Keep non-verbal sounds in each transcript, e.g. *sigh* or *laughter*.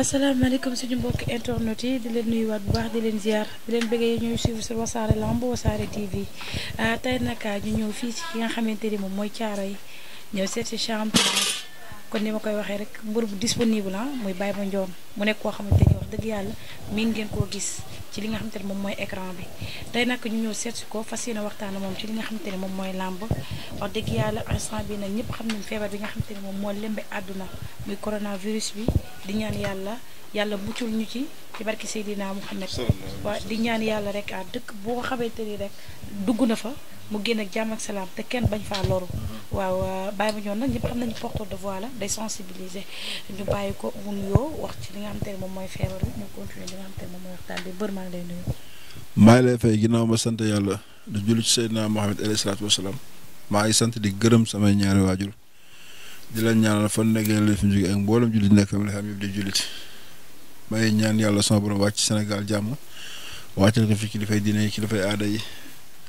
asalaamaaleykum suñu mbokki internet yi di leen nuyuwaat bu baax di leen ziar di leen bëggee yi ñuy suivre sur wasaare lamb wasaare TV ah, tey naka ah, ñu ñëw fii ci ki nga xamante ni moom mooy caara yi ñëw seet si champion kon ni ma koy waxee rek mbër bu disponible ah muy Baye Mandione mu nekk koo xamante ni wax dëgg yàlla miin ngeen koo gis ci li nga xamante ne moom mooy écran bi tey nag ñu ñëw seetsi ko fas yéene waxtaan moom ci li nga xamante ne moom mooy làmb wax dëgg yàlla instant bi nag ñëpp xam nañ feebar bi nga xamante ne moom moo lembe àdduna muy coronavirus bi di ñaan yàlla yàlla muccul ñu ci ci barki Seydina Mouhamed waa di ñaan yàlla rek ah dëkk boo te ni rek dugg na fa mu génn ak jàmm ak salaam te kenn bañ faa loru waaw euh, Baye Mandione nag ñëpp xam nañu porteur de voix la day sensibiliser ñu bàyyi ko mu nuyoo wax ci li nga xam te moom mooy feebar bi mooy ngi lay fa maa ngi lay fay ginnaaw ma sant yàlla di julli ci Seydina Mohamed alayhi salaatu wasalaam maa ngi sant di gërëm samay ñaari waajur di leen ñaanal fan nekkee leen fi jóge ak mboolem jullit nekk mi la xam yëpp di jullit may ñaan yàlla sama borom wàcc senegal jàmm wàccal ko fi kilifay diine yi kilifay aada yi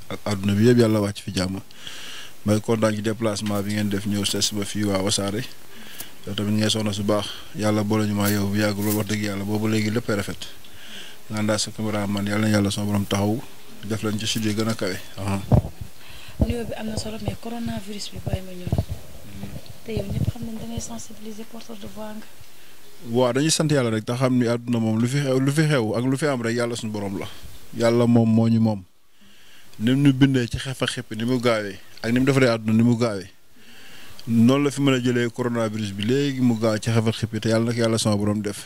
ak àdduna bi yëpp yàlla wàcc fi jàmm may kontaan ci déplacement bi ngeen def ñëw ses ba fii waa Wasaare yow tamit ngay soxna su baax yàlla boole ñu ma yow bu yàgg loolu wax dëgg yàlla boobu léegi lépp rafet nga àndaat sa caméra man yàlla na yàlla taxaw def leen ci studio gën a kawe. nuyoo sant yàlla rek te xam ni moom lu fi xew lu fi xew ak fi am rek yàlla suñu borom la. yàlla moom moo ñu moom. ni mu ñu bindee ci xef a xepp ni mu gaawee ak ni mu defaree àdduna ni mu gaawee noonu la fi mën a jëlee coronavirus bi léegi mu gaaw ci xefar xippi te yàlla nag yàlla sama borom def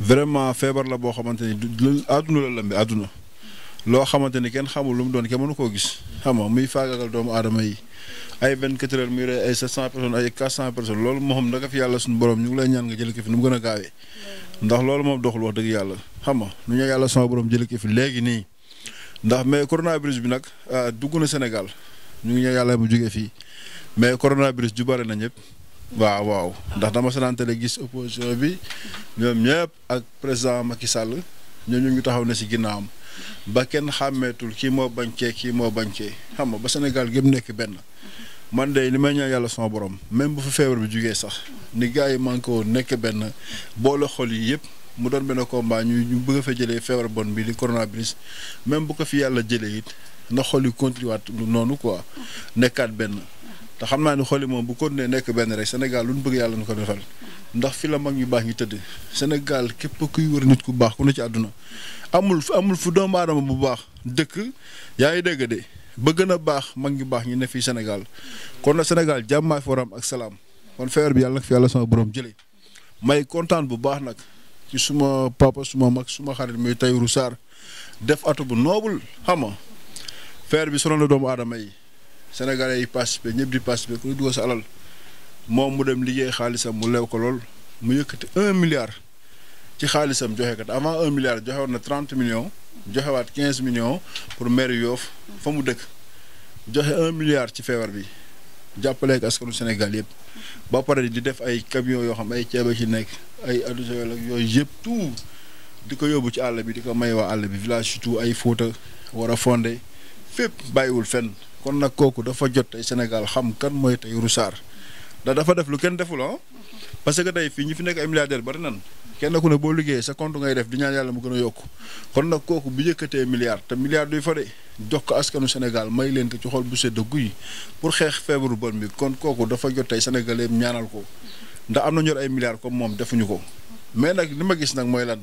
vraiment feebar la boo xamante ni du àdduna la lambi àdduna loo xamante ni kenn xamul lu mu doon kenn mënu koo gis xam nga muy faagagal doomu aadama yi ay 24 heures muy rey ay 700 personnes ay 400 personnes loolu moom da nga fi yàlla suñu borom ñu ngi lay ñaan nga jël ko nu mu gën a gaawee ndax loolu moom doxul wax dëgg yàlla xam nga nu ñu yàlla sama borom jël ko léegi nii ndax mais coronavirus bi nag ah, dugg na Sénégal ñu ngi ñaan yàlla mu jógee fii mais coronavirus ju bare na ñëpp. waaw waaw ndax dama sanante gis opposition bi ñoom ñëpp ak président Macky Sall ñoo ñu taxaw ne si ginnaawam ba kenn xàmmeetul kii moo bañ bañkee kii moo bañ bañkee xam nga ba Sénégal gépp nekk benn man de li may ñaan yàlla sama borom même bu fi feebar bi jugee sax ni gars yi man ko nekk benn boole xol yi yëpp mu doon benn combat ñu ñu bëgg a fa jëlee feebar bon bi di coronavirus même bu ko fi yàlla jëlee it na xol yi continué waat noonu quoi nekkaat benn te xam naa ni xol yi moom bu nee nekk benn rek Sénégal lu ñu bëgg yàlla na ko defal ndax fi la mag ñu baax ñu tëdd Sénégal képp kuy wër nit ku baax ku ne ci àdduna amul amul fu doomu aadama baax dëkk yaa ngi dégg de ba gën a baax mag ñu baax ñu ne fii Sénégal kon na Sénégal jàmmaay foram ak salaam kon feebar bi yàlla nag fi yàlla sama borom jëlee may kontaan bu baax nag ci suma papa suma mag suma xarit muy Tahirou Sarr def atu bu noobul xam feer bi solo na doomu aadama yi sénégal yi participer ñëpp di participer ku dugal sa alal moom mu dem liggéey xaalisam mu lew ko lool mu yëkkati un milliard ci xaalisam joxe kat avant un milliard joxe woon na trente millions joxewaat quinze million pour maire Yoff fa mu dëkk joxe un milliard ci feebar bi jàppaleek askanu Sénégal yëpp ba pare di def ay camions yoo xam ay ceeba ci nekk ay addusoyol ak yooyu yëpp tout di ko yóbbu ci àll bi di ko may waa bi village surtout ay Fouta war fondé fépp bàyyiwul fenn kon nag kooku dafa jot tey Sénégal xam kan mooy tey Roussard da dafa def lu kenn deful ah. parce que day fii ñu fi nekk ay milliardaire bari nan kenn ku ne boo liggéeyee sa compte ngay def di ñaan yàlla mu gën a yokk kon nag kooku bu yëkkatee milliard te milliard duy fa de jox ko askanu Sénégal may leen ko ci xool bu sedd guy pour xeex feebaru bon bi kon kooku dafa jot tey sénégalais ñaanal ko ndax am na ñor ay milliards comme moom defuñu ko mais nag li ma gis nag mooy lan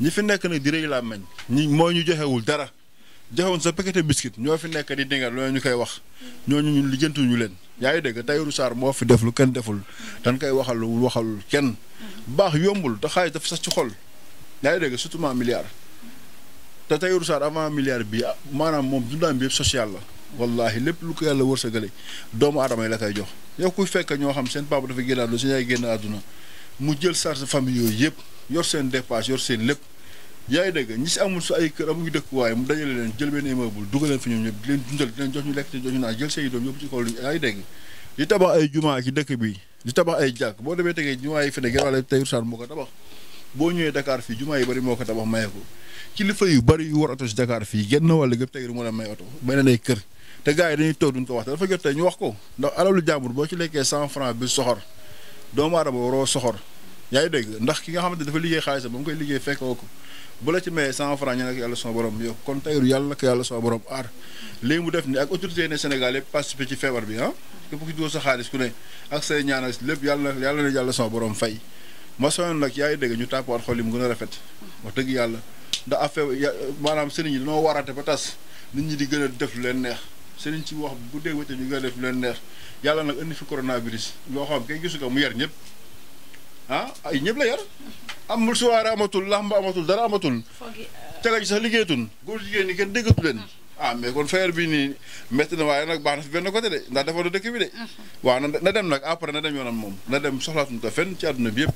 ñi fi nekk nag di rëy làmmeñ ñi moo ñu joxewul dara joxewoon sa paquet biscuit ñoo fi nekk di dingal loolu ñu koy wax ñooñu ñun lijjantuñu leen yaa ngi dégg Tahirou saar moo fi def lu kenn deful dañ koy waxal waxal kenn baax yombul te xaalis dafa sax ci xol yaa ngi dégg surtout ma milliard te Tahirou Sarr avant milliard bi maanaam moom dundaam bi yëpp social la wallahi lépp lu ko yàlla wërsëgale doomu adama yi la koy jox yow kuy fekk ñoo xam seen papa dafa génn àdduna seen yaay génn àdduna mu jël charge famille yooyu yëpp yor seen dépense yor seen lépp yaa ngi dégg ñi si amul su ay kër amuñu dëkkuwaay mu dajale leen jël benn immeuble dugal leen fi ñoom ñëpp di leen dundal di leen jox ñu lekk te jox ñu naan bi di tabax ay jàkk boo demee tegee jumaa yi fi ne Guelwaar Taïru Sane moo ko tabax boo ñëwee moo ko tabax maye ko kilifa yu bëri yu war oto si Dakar fii genn wàll gépp tey moo leen may oto beneen te gars yi dañuy toog duñ ko wax te dafa wax ko ndax alalu boo ci lekkee cent franc bi soxor doomu aadama waroo soxor yaa ngi dégg ndax ki nga xamante dafa liggéey xaalisam ba mu koy liggéey fekkoo ko bu la ci mayee cent franc ñaan ak yàlla sama borom yow kon tayru yàlla na ko yàlla sama borom aar léegi mu def ni ak autorité yi ne Sénégal yëpp participé ci feebar bi ah képp ku doo xaalis ku ne ak say ñaan ak yàlla yàlla na yàlla sama borom fay nag yaa ngi dégg ñu tàppaat xol yi mu gën a rafet wax dëgg yàlla ndax affaire maanaam sëriñ yi dañoo warate ba tas nit ñi di gën def lu leen neex sëriñ ci wax bu dee wate ñu gën a def lu leen neex yàlla nag indi fi coronavirus loo xam kay gisu ko mu yar ñëpp ah ay ñëpp la yar amul suwaare amatul làmb amatul dara amatul. Euh. télé gi sax liggéeyatun góor jigéen ñi kenn déggatu leen. ah, ah kon feer bi nii métti na waaye nag baax na fi benn côté de ndax dafa a dëkk bi de. Mhm. waaw na na dem nag après na dem yoonam moom na dem soxlaatuñu ko fenn ci àdduna bi yëpp.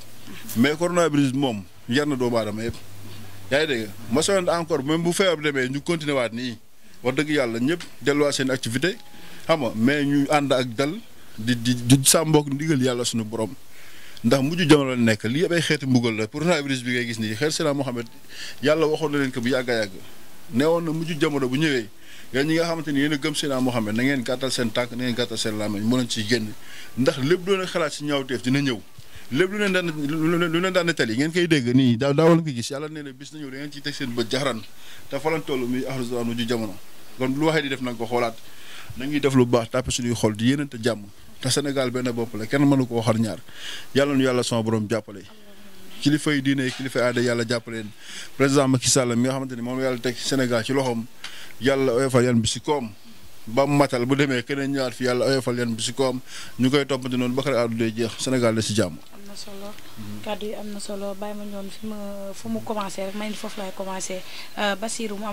mais coronavirus moom yar na doomu aadama yëpp. yaa ngi dégg ma soxla encore même bu feebar bi demee ñu continuer waat nii wax dëgg yàlla ñëpp delluwaat seen activité xam mais ñu ànd ak dal di di di sàmm mbokk yàlla suñu borom. ndax mujj jamono la nekk lii yëpp ay xeeti mbugal la coronavirus bi ngay gis nii xeet sila Muhammad yàlla waxoon na leen ko bu yàgg a yàgg neewoon na mujj jamono bu ñëwee yéen ñi nga xamante ni yéen a gëm sila Muhammad na ngeen gàttal seen tànk na ngeen gàttal seen làmmiñ mën nañ ci génn ndax lépp dina ñëw lépp lu leen daan lu leen daan nettali ngeen koy dégg nii daaw daaw la ko gis yàlla nee na bis na ñëw da ngeen ciy teg seen bët jaxaran te falan toll muy ahrusan mujj jamono kon lu waxee def na xoolaat na ngi def lu baax tàppe suñuy xol di yéenante jàmm te Sénégal benn bopp la kenn mënu ko xar ñaar yàlla nu yàlla sama borom jàppale. kilifa yi diine kilifa aada yàlla jàppale leen président Macky Sall mi nga xamante ni moom yàlla teg Sénégal ci loxoom yàlla oyofal yan bi si koom ba mu matal bu demee keneen ñëwaat fi yàlla oyofal yan bi si koom ñu koy toppati noonu ba keroog àdduna jeex Sénégal de si jàmm. am na solo kàddu yi am na solo bàyyi ma ñoon fi ma fu mu commencé rek ma indi foofu laay commencé euh, Basirou mu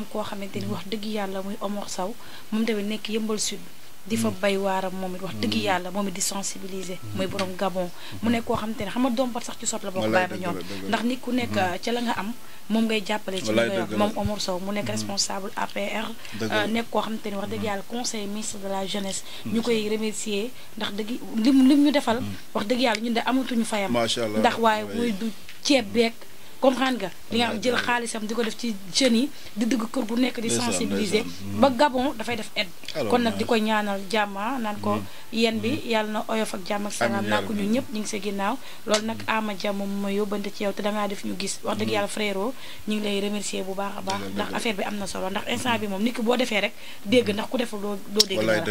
di fa mm. bay waaram moom it wax dëgg mm. yàlla moom it di sensibiliser mm. muy borom gabon mu nekk koo xam te ne xam nga doom ba sax ci sot la boo ko bàyyi ba ñoom ndax nit ku nekk ca la nga am moom ngay jàppale ci li ngay wax moom Omar Sow mu nekk responsable APR euh, nekk koo xam te wax dëgg yàlla conseil ministre de la jeunesse ñu koy remercier ndax dëgg lim lim ñu defal wax dëgg yàlla ñu de amatuñu fayam ndax waaye muy du ceeb beeg comprendre nga li nga am jël xaalisam di ko def ci jeunes yi di dugg kër gu nekk di sensibiliser ba hmm. Gabon dafay def aide kon nag di koy ñaanal jàmma ah, naan ko hmm. yéen bi hmm. yàlla na oyof ak jàmm ak salaam naa ko ñun ñëpp ñu ngi sa ginnaaw loolu nag ama jàmm moom ma yóbbante ci yow te dangaa def ñu gis wax dëgg yàlla frérot ñu ngi lay remercier bu baax a baax ndax affaire bi am na solo ndax instant bi moom nit ki boo defee rek dégg ndax ku deful doo doo dégg dara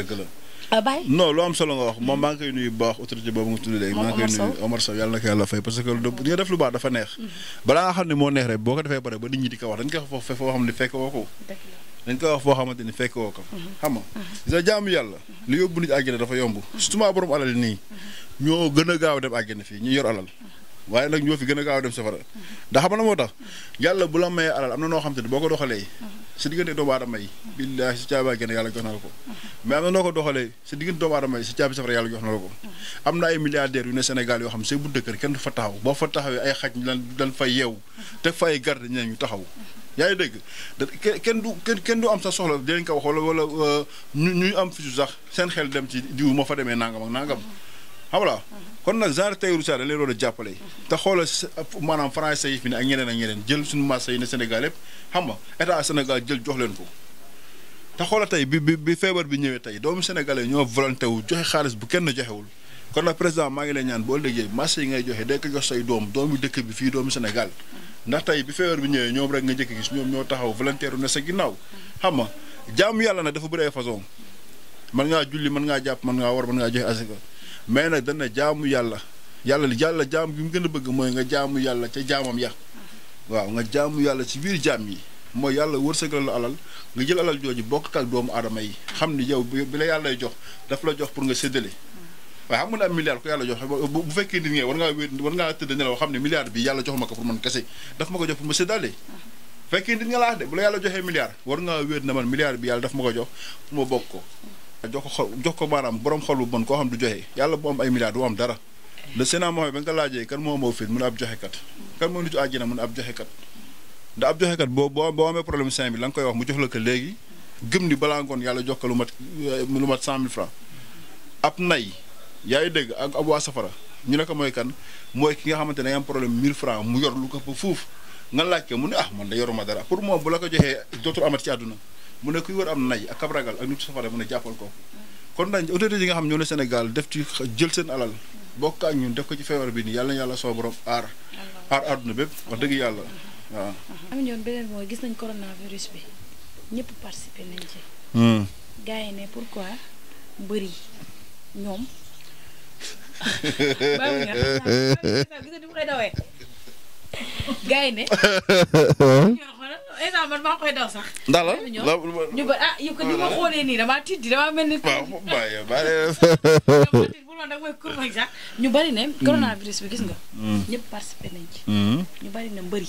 Ah, Baye non lu am solo nga wax moom maa ngi koy nuyu bu baax autorité boobu nga tudd léegi maa mm-hmm. xam ne moo neex rek boo ko defee pare ba nit ñi di ko wax dañ mm-hmm. mm-hmm. a fii ñu yor alal waaye ñoo fi gën a gaaw dem safara ndax xam na moo tax yàlla bu la mayee alal am na noo xam te ni boo ko doxalee si diggante doomu aadama yi billaahi si caabi génn yàlla jox na la ko mais am na noo ko doxalee si diggante doomu aadama yi si caabi safara yàlla jox na la ko am na ay milliardaires yu ne Sénégal yoo xam say buntu kër kenn du fa taxaw boo fa taxawee ay xaj lan lan fay yeew te fay garde ñeneen ñu taxaw yaa ngi dégg kenn du kenn kenn du am sa soxla dinañ ko wax wala wala euh, ñu ñu am fi sax seen xel dem ci diw moo fa demee nangam ak nangam xam nga kon nag genre Tahirou Sarr dañ leen doon jàppale. te xoolal maanaam français yi fi ne ak ñeneen ak ñeneen jël suñu marché yi ne Sénégal yëpp xam nga état Sénégal jël jox leen ko. te xoola tey bi bi bi feebar bi ñëwee tey doomu sénégalais ñoo volonté wu joxe xaalis bu kenn joxewul kon nag président maa ngi lay ñaan boo liggéey marché yi ngay joxe day jox say doom doomu dëkk bi fii doomu Sénégal. ndax tey bi feebar bi ñëwee ñoom rek nga njëkk gis ñoom ñoo taxaw volontaire ne sa ginnaaw xam nga jaamu yàlla nag dafa bëri ay façon mën ngaa julli mën ngaa jàpp mën ngaa war mën ngaa joxe asaka mais nag dana jaamu yàlla yàlla yàlla jaam bi mu gën a bëgg mooy nga jaamu yàlla ca jaamam ya waaw nga jaamu yàlla ci biir jaam yi mooy yàlla wërsëgal la alal nga jël alal jooju bokk ak doomu aadama yi xam ni yow bi yàllay jox daf la jox pour nga séddale waaye xam nga ne am milliard fekkee nit nga war ngaa wéet war ngaa tëdd nelaw xam ne jox ma ko pour man kese daf ma ko jox pour ma séddale fekkee nit yàlla joxee milliard war ngaa wéet na man milliard bi yàlla daf ma ko jox pour ma bokk ko jox ko xol jox ko baaraam borom xol bu bon koo xam du joxe yàlla bu am ay milliards du am dara le Sénat moo xam ba nga ko laajee kan moo moo fit mun ab joxekat kan moo nitu àjjana mun a ab joxekat ndax ab boo boo boo problème cinq mille la nga koy wax mu jox la ko léegi gëm ni balaa ngoon yàlla jox ko lu mat lu mat cent mille francs yaa ngi dégg ak ab waa safara ñu ne mooy kan mooy ki nga xamante ne am problème mille francs mu yor lu ko fa fuuf nga laaj ko mu ne ah da yoruma dara pour moom bu la ko joxee dootul amat ci àdduna mu ne kuy wër am nay ak ab ragal ak nit safara mu ne jàppal kooku kon dañ autorité yi nga xam ñoo ne Sénégal def ci jël seen alal bokk ak ñun def ko ci feebar bi nii yàlla na yàlla soo borom aar aar àdduna bépp wax dëgg yàlla waaw am ñoon beneen mooy gis nañ coronavirus bi ñëpp participé nañ ci hmm. gars ne pourquoi mbër ñoom *laughs* gars ne *laughs* exemple man maa koy daw sax. ndax la ñu ba ah yow kat ni ma xoolee nii ñu bari ne. Mm. coronavirus bi gis nga. Mm. ñëpp participé nañ ci. Mm. ñu bari na mbëri.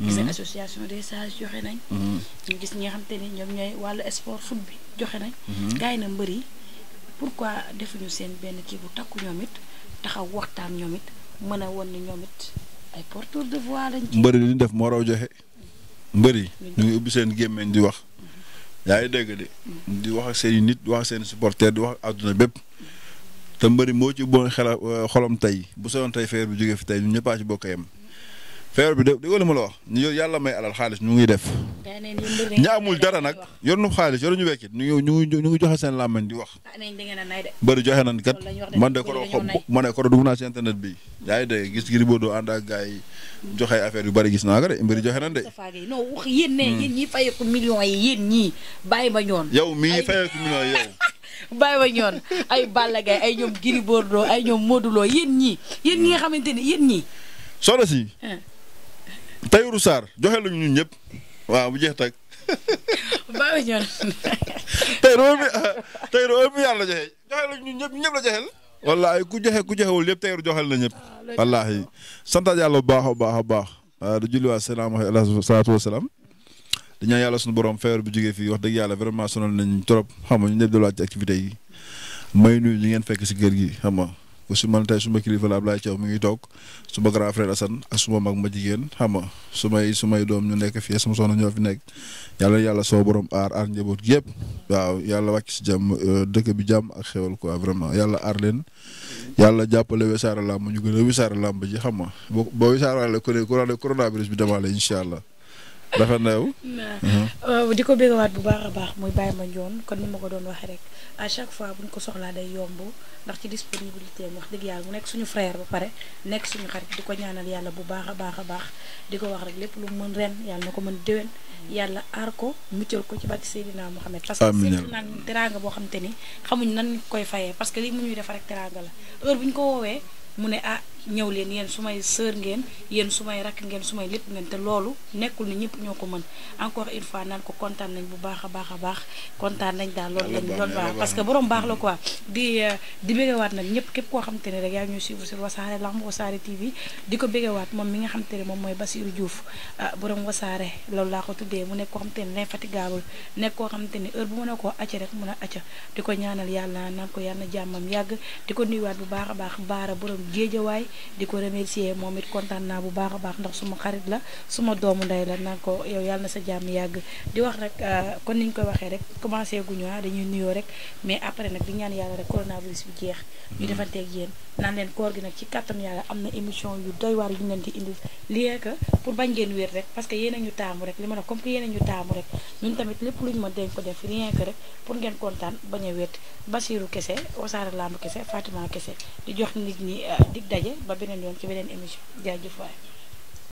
gis nga association des sages joxe nañ. ñu gis ñi nga xam te ne ñoom ñooy wàllu sport foot bi joxe nañ. Mm-hmm. gars yi na mbëri pourquoi defuñu seen benn kii takku ñoom it taxaw waxtaan ñoomit mën a won ni ñoom it ay porteurs de voix lañ. mbëri li def moo raw joxe. mbëri ñu ngi ubbi seen gémmeñ di wax yaa ngi dégg de di wax ak seen i nit di wax ak seen supporter di wax ak àdduna bépp te mbëri moo ci bon xel xolam tey bu sonoon tey feer bi jógee fi tey ñun ñëppaa ci bokk yem feebar bi déggoo li ma la wax ñu yàlla may alal xaalis ñu ngi def. ñaamul dara nag yor nu xaalis yor ñu wekkit ñu ngi ñu ngi joxe seen làmmiñ di wax. bëri joxe nañ kat man de koro xob man de koro dugg naa si internet bi yaa de dégg gis Gris Bordeaux ànd ak gars yi joxe affaire yu bëri gis naa ko de mbiri joxe nañ de. non wax yéen ne yéen ñii fayeeku millions yi yéen ñii bàyyi ba ñoon. yow mii fayeeku millions yi yow. *laughs* bàyyi ba ñoon ay Balla Gaye ay ñoom Gris Bordeaux ay ñoom Modou Lo ñi nga xamante ne yéen si Tahirou saar joxe luñ ñun ñëpp waaw bu jeex tag baax na ñoom. Tahirou Tahirou mi *laughs* yàlla joxe joxe luñ ñun ñëpp ñëpp la joxel. wallaahi ku joxe ku joxewul yëpp Tahirou joxel na ñëpp. Ah, wallaahi sant yàlla bu baax a baax a baax. Ah, di julliwaat salaam alayhi salaatu wa salaam. di ñaan yàlla suñu borom feebar bu jógee fii wax dëgg yàlla vraiment sonal nañ trop xam nga ñu ñëpp delluwaat ci activités yi may nuyu ñi ngeen fekk si gér gi xam ku si man tey suma kilifa la Ablaye Thiaw mi ngi toog suma grand frère Assane ak suma mag ma jigéen xam nga sumay sumay doom ñu nekk fii sama soxna ñoo fi nekk yàlla yàlla soo borom aar aar njaboot yëpp waaw yàlla wàcc si jàmm euh, dëkk bi jàmm ak xewal quoi vraiment yàlla aar leen yàlla jàppale Wassare Lamb ñu gën a Wassare Lamb ji xam nga boo boo Wassare Lamb ku ne corona bi demaale incha allah. rafet na yow. waaw di ko béggawaat bu baax a baax muy Baye Mandione kon ni ma ko doon waxee rek à chaque fois bu ñu ko soxlaa day yomb ndax ci disponibilité wax dëgg yàlla mu nekk suñu frère ba pare nekk suñu xarit di ko ñaanal yàlla bu baax a baax a baax di ko wax rek lépp lu mu mën ren yàlla na ko mën déwén. yàlla aar ko muccal ko ci bàtti Seydina Mohamed parce que seet naan teraanga boo xam te ni xamuñ nan koy fayee parce que lii mu ñuy def rek teraanga la heure bu ñu ko woowee mu ne ah ñëw leen yéen su may sœur ngeen yéen su may rakk ngeen su may lépp ngeen te loolu nekkul ni ñëpp ñoo ko mën encore une fois naan ko kontaan nañ bu baax a baax a baax kontaan nañ daal loolu lañ loolu baax parce que borom baax la quoi di euh, di béggewaat nag képp koo xamante ne rek yaa ñuy suivre sur wasaare lamb wasaare TV di ko béggewaat moom mi nga xamante ne moom mooy Basirou Diouf ah, borom wasaare loolu laa ko tuddee mu nekk koo xamante ne l'infatigable nekk koo xamante ne heure bu mën a ko acca rek mën a acca di ko ñaanal yàlla naan ko yàlla jàmmam yàgg di ko nuyuwaat bu baax a baax baara borom géejawaay di ko remercier moom it kontaan naa bu baax a baax ndax suma xarit la suma doomu ndey la naan ko yow yàlla na sa jàmm yàgg di wax rek kon euh, ni ñu koy waxee rek commencé guñu ah, dañuy nuyoo rek mais après nag di ñaan yàlla rek coronavirus bi jeex ñu defanteeg yéen naan leen koor gi nag ci kàttan yàlla am na émission yu doy waar yu ñu leen di indi lien que pour bañ ngeen wér rek parce que yéen ñu taamu rek li ma ne comme que yéen a ñu taamu rek ñu tamit lépp luñ ma dañ ko def rien que rek pour ngeen kontaan bañ a wéet Basiirou kese Wassare Lamb kese Fatima kese di jox nit ñi euh, dig daje ba beneen yoon ci beneen émission jaajëf waay